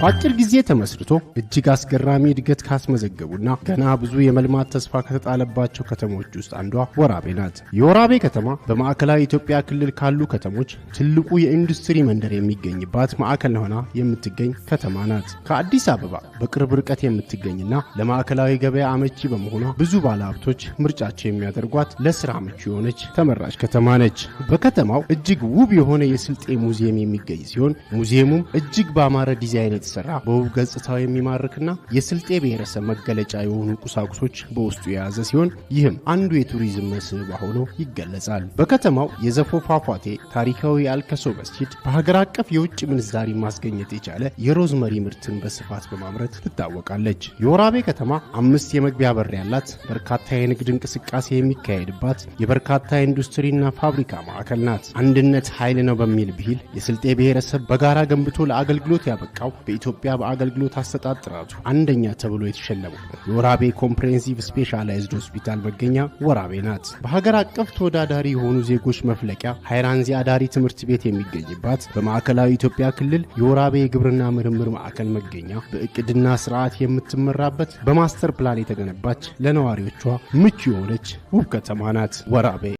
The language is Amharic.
በአጭር ጊዜ ተመስርቶ እጅግ አስገራሚ እድገት ካስመዘገቡና ገና ብዙ የመልማት ተስፋ ከተጣለባቸው ከተሞች ውስጥ አንዷ ወራቤ ናት። የወራቤ ከተማ በማዕከላዊ ኢትዮጵያ ክልል ካሉ ከተሞች ትልቁ የኢንዱስትሪ መንደር የሚገኝባት ማዕከል ሆና የምትገኝ ከተማ ናት። ከአዲስ አበባ በቅርብ ርቀት የምትገኝና ለማዕከላዊ ገበያ አመቺ በመሆኗ ብዙ ባለሀብቶች ምርጫቸው የሚያደርጓት ለስራ ምቹ የሆነች ተመራጭ ከተማ ነች። በከተማው እጅግ ውብ የሆነ የስልጤ ሙዚየም የሚገኝ ሲሆን ሙዚየሙም እጅግ በአማረ ዲዛይን የተሰራ በውብ ገጽታው የሚማርክና የስልጤ ብሔረሰብ መገለጫ የሆኑ ቁሳቁሶች በውስጡ የያዘ ሲሆን ይህም አንዱ የቱሪዝም መስህብ ሆኖ ይገለጻል። በከተማው የዘፎ ፏፏቴ ታሪካዊ የአልከሶ መስጂድ በሀገር አቀፍ የውጭ ምንዛሪ ማስገኘት የቻለ የሮዝመሪ ምርትን በስፋት በማምረት ትታወቃለች። የወራቤ ከተማ አምስት የመግቢያ በር ያላት በርካታ የንግድ እንቅስቃሴ የሚካሄድባት የበርካታ ኢንዱስትሪና ፋብሪካ ማዕከል ናት። አንድነት ኃይል ነው በሚል ብሂል የስልጤ ብሔረሰብ በጋራ ገንብቶ ለአገልግሎት ያበቃው በኢትዮጵያ በአገልግሎት አሰጣጥ ጥራቱ አንደኛ ተብሎ የተሸለመው የወራቤ ኮምፕሬሄንሲቭ ስፔሻላይዝድ ሆስፒታል መገኛ ወራቤ ናት። በሀገር አቀፍ ተወዳዳሪ የሆኑ ዜጎች መፍለቂያ ሀይራንዚ አዳሪ ትምህርት ቤት የሚገኝባት በማዕከላዊ ኢትዮጵያ ክልል የወራቤ የግብርና ምርምር ማዕከል መገኛ በእቅድና ስርዓት የምትመራበት በማስተር ፕላን የተገነባች ለነዋሪዎቿ ምቹ የሆነች ውብ ከተማ ናት ወራቤ።